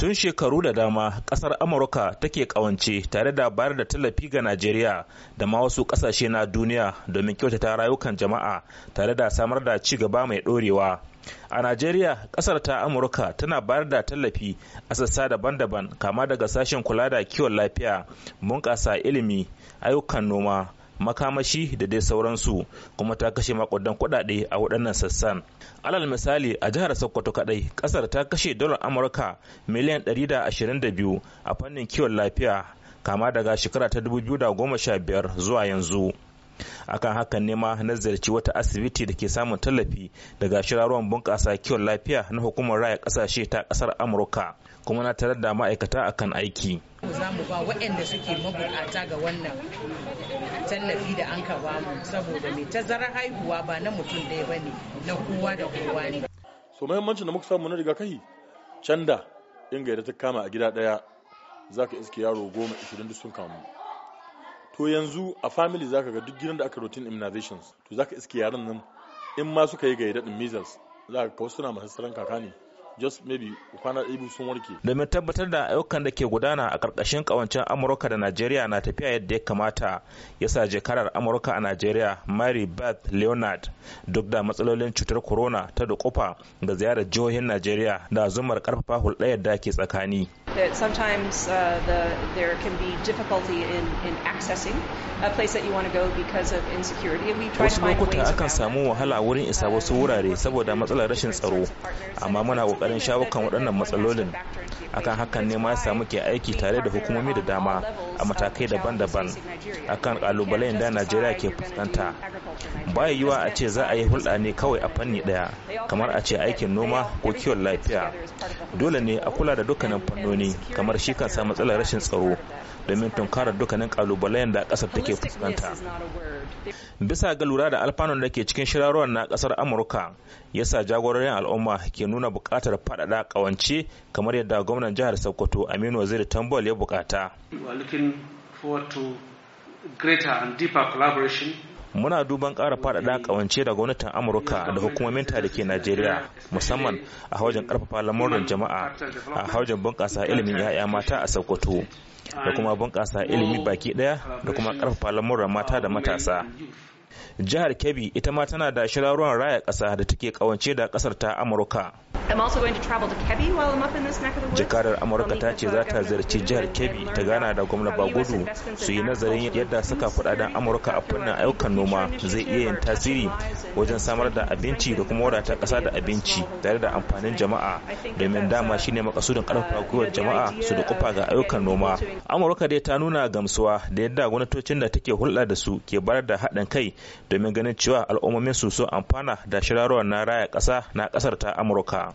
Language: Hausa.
tun shekaru da dama kasar amurka take kawance tare da bayar da tallafi ga najeriya da ma wasu kasashe na duniya domin kyautata rayukan jama'a tare da samar da ci gaba mai dorewa a najeriya kasar ta amurka tana bayar da tallafi a sassa daban-daban kama daga sashen kula da kiwon lafiya bunƙasa ilimi ayyukan noma makamashi da dai sauransu kuma ta kashe makudan kuɗaɗe a waɗannan sassan alal misali a jihar sokoto kadai ƙasar ta kashe dolar amurka miliyan 122 a fannin kiwon lafiya kama daga shekara ta 2015 zuwa yanzu akan hakan ne ma na ziyarci wata asibiti da ke samun tallafi daga shirarwan bunƙasa kiwon lafiya na hukumar raya kasashe ta ƙasar amurka kuma na tarar da ma'aikata akan aiki za mu ba waɗanda suke mabuƙata ga wannan tallafi da an ka bamu saboda mai tazarar haihuwa ba na mutum ɗaya ba ne na kowa da kowa ne so mahimmancin da muka samu na kai canda in gaida ta kama a gida ɗaya za ka iske yaro goma ishirin duk sun kamu to yanzu a family zaka ga duk gidan da aka routine immunizations to zaka iske yaren nan in ma suka yi ga daɗin measles zaka ka wasu na masu saran kaka ne just maybe kwana ɗaya sun warke. Domin tabbatar da ayyukan da ke gudana a ƙarƙashin ƙawancen Amurka da Najeriya na tafiya yadda ya kamata ya sa jekarar Amurka a Najeriya Mary Beth Leonard duk da matsalolin cutar corona ta dukufa ga ziyarar jihohin Najeriya da zumar karfafa hulɗayar da ke tsakani. That sometimes uh, be difficulty in, in accessing go because insecurity. wasu lokuta akan samu wahala wurin isa wasu wurare saboda matsalar rashin tsaro, amma muna kokarin shawo kan waɗannan matsalolin akan hakan ne ma samu ke aiki tare da hukumomi da dama a matakai daban-daban akan kalubalen da najeriya ke fuskanta baya yiwa a ce za a yi hulɗa ne kawai a fanni ɗaya kamar a ce aikin noma ko kiwon lafiya dole ne a kula da dukkanin fannoni kamar shi kansa matsalar rashin tsaro domin tunkarar dukkanin kalubalen da kasar take fuskanta bisa ga lura da alfanun da ke cikin shirarwar na kasar amurka yasa jagororin al'umma ke nuna buƙatar faɗaɗa ƙawance kamar yadda gwamnan jihar sokoto aminu waziri tambol ya buƙata greater and deeper collaboration muna duban ƙara faɗaɗa ƙawance da gwamnatin amurka da hukumomin da ke najeriya musamman a hawajin ƙarfafa lamurin jama'a a hawajin bunƙasa ilimin 'ya'ya mata a sokoto da kuma bunƙasa ilimi baki ɗaya da kuma ƙarfafa lamuran mata da matasa jihar kebbi ita ma tana da shirarruwan raya ƙasa da take ƙawance da ƙasar ta amurka Jakarar Amurka ta ce za ta ziyarci jihar Kebbi ta gana da gwamna Bagudu su yi nazarin yadda saka kudaden Amurka a fannin ayyukan noma zai iya yin tasiri wajen samar da abinci da kuma wadata kasa da abinci tare da uh, amfanin jama'a domin dama uh, shine makasudin uh, karfafa gwiwar jama'a su da kufa ga ayyukan noma. Amurka dai ta nuna gamsuwa da yadda gwamnatocin da take hulɗa da su ke bayar da haɗin kai domin ganin cewa al'ummomin su sun amfana da shirarwar na raya kasa na ƙasar ta Amurka.